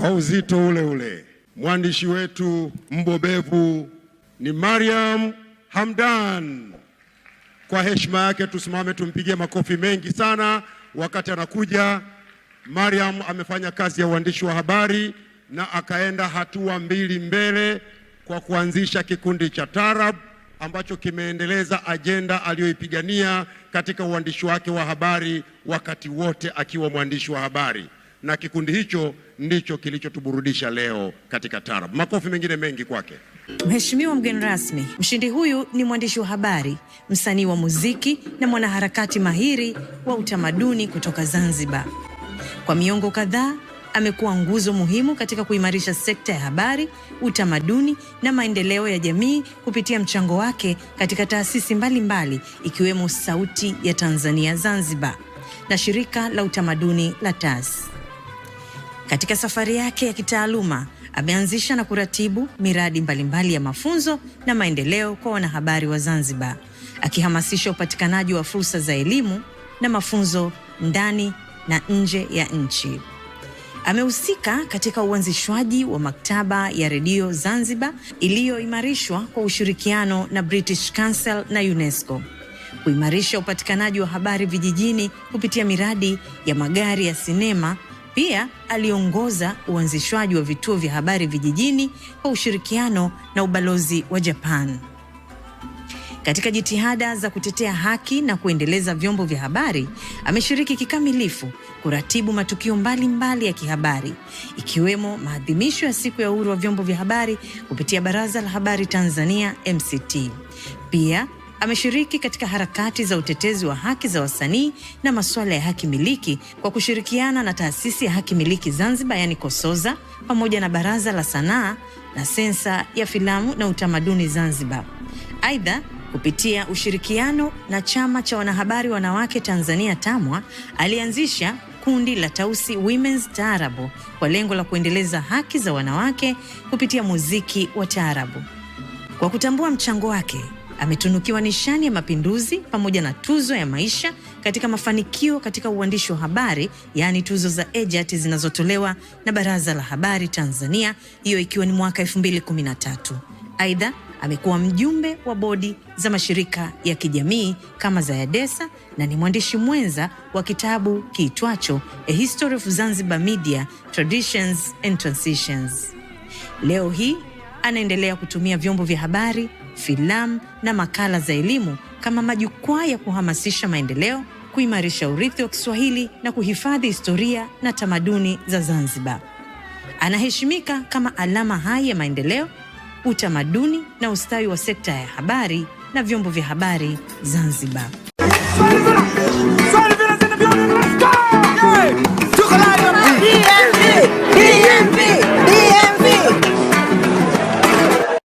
kwa uzito ule ule. Mwandishi wetu mbobevu ni Mariam Hamdan. Kwa heshima yake tusimame tumpigie makofi mengi sana wakati anakuja. Mariam amefanya kazi ya uandishi wa habari na akaenda hatua mbili mbele kwa kuanzisha kikundi cha tarab ambacho kimeendeleza ajenda aliyoipigania katika uandishi wake wa habari wakati wote akiwa mwandishi wa habari na kikundi hicho ndicho kilichotuburudisha leo katika tarab Makofi mengine mengi kwake. Mheshimiwa mgeni rasmi, mshindi huyu ni mwandishi wa habari, msanii wa muziki na mwanaharakati mahiri wa utamaduni kutoka Zanzibar. Kwa miongo kadhaa amekuwa nguzo muhimu katika kuimarisha sekta ya habari, utamaduni na maendeleo ya jamii kupitia mchango wake katika taasisi mbalimbali mbali, ikiwemo Sauti ya Tanzania Zanzibar na shirika la utamaduni la TAS. Katika safari yake ya kitaaluma ameanzisha na kuratibu miradi mbalimbali ya mafunzo na maendeleo kwa wanahabari wa Zanzibar, akihamasisha upatikanaji wa fursa za elimu na mafunzo ndani na nje ya nchi. Amehusika katika uanzishwaji wa maktaba ya redio Zanzibar iliyoimarishwa kwa ushirikiano na British Council na UNESCO, kuimarisha upatikanaji wa habari vijijini kupitia miradi ya magari ya sinema pia aliongoza uanzishwaji wa vituo vya habari vijijini kwa ushirikiano na ubalozi wa Japan. Katika jitihada za kutetea haki na kuendeleza vyombo vya habari, ameshiriki kikamilifu kuratibu matukio mbalimbali mbali ya kihabari ikiwemo maadhimisho ya siku ya uhuru wa vyombo vya habari kupitia Baraza la Habari Tanzania MCT. Pia ameshiriki katika harakati za utetezi wa haki za wasanii na masuala ya haki miliki kwa kushirikiana na taasisi ya haki miliki Zanzibar, yani Kosoza, pamoja na baraza la sanaa na sensa ya filamu na utamaduni Zanzibar. Aidha, kupitia ushirikiano na chama cha wanahabari wanawake Tanzania TAMWA alianzisha kundi la Tausi Women's Taarabu kwa lengo la kuendeleza haki za wanawake kupitia muziki wa taarabu. Kwa kutambua mchango wake ametunukiwa nishani ya Mapinduzi pamoja na tuzo ya maisha katika mafanikio katika uandishi wa habari, yaani tuzo za ejati zinazotolewa na Baraza la Habari Tanzania, hiyo ikiwa ni mwaka 2013. Aidha, amekuwa mjumbe wa bodi za mashirika ya kijamii kama Zayadesa na ni mwandishi mwenza wa kitabu kiitwacho A History of Zanzibar Media Traditions and Transitions. Leo hii anaendelea kutumia vyombo vya habari filamu na makala za elimu kama majukwaa ya kuhamasisha maendeleo, kuimarisha urithi wa Kiswahili na kuhifadhi historia na tamaduni za Zanzibar. Anaheshimika kama alama hai ya maendeleo, utamaduni na ustawi wa sekta ya habari na vyombo vya habari Zanzibar.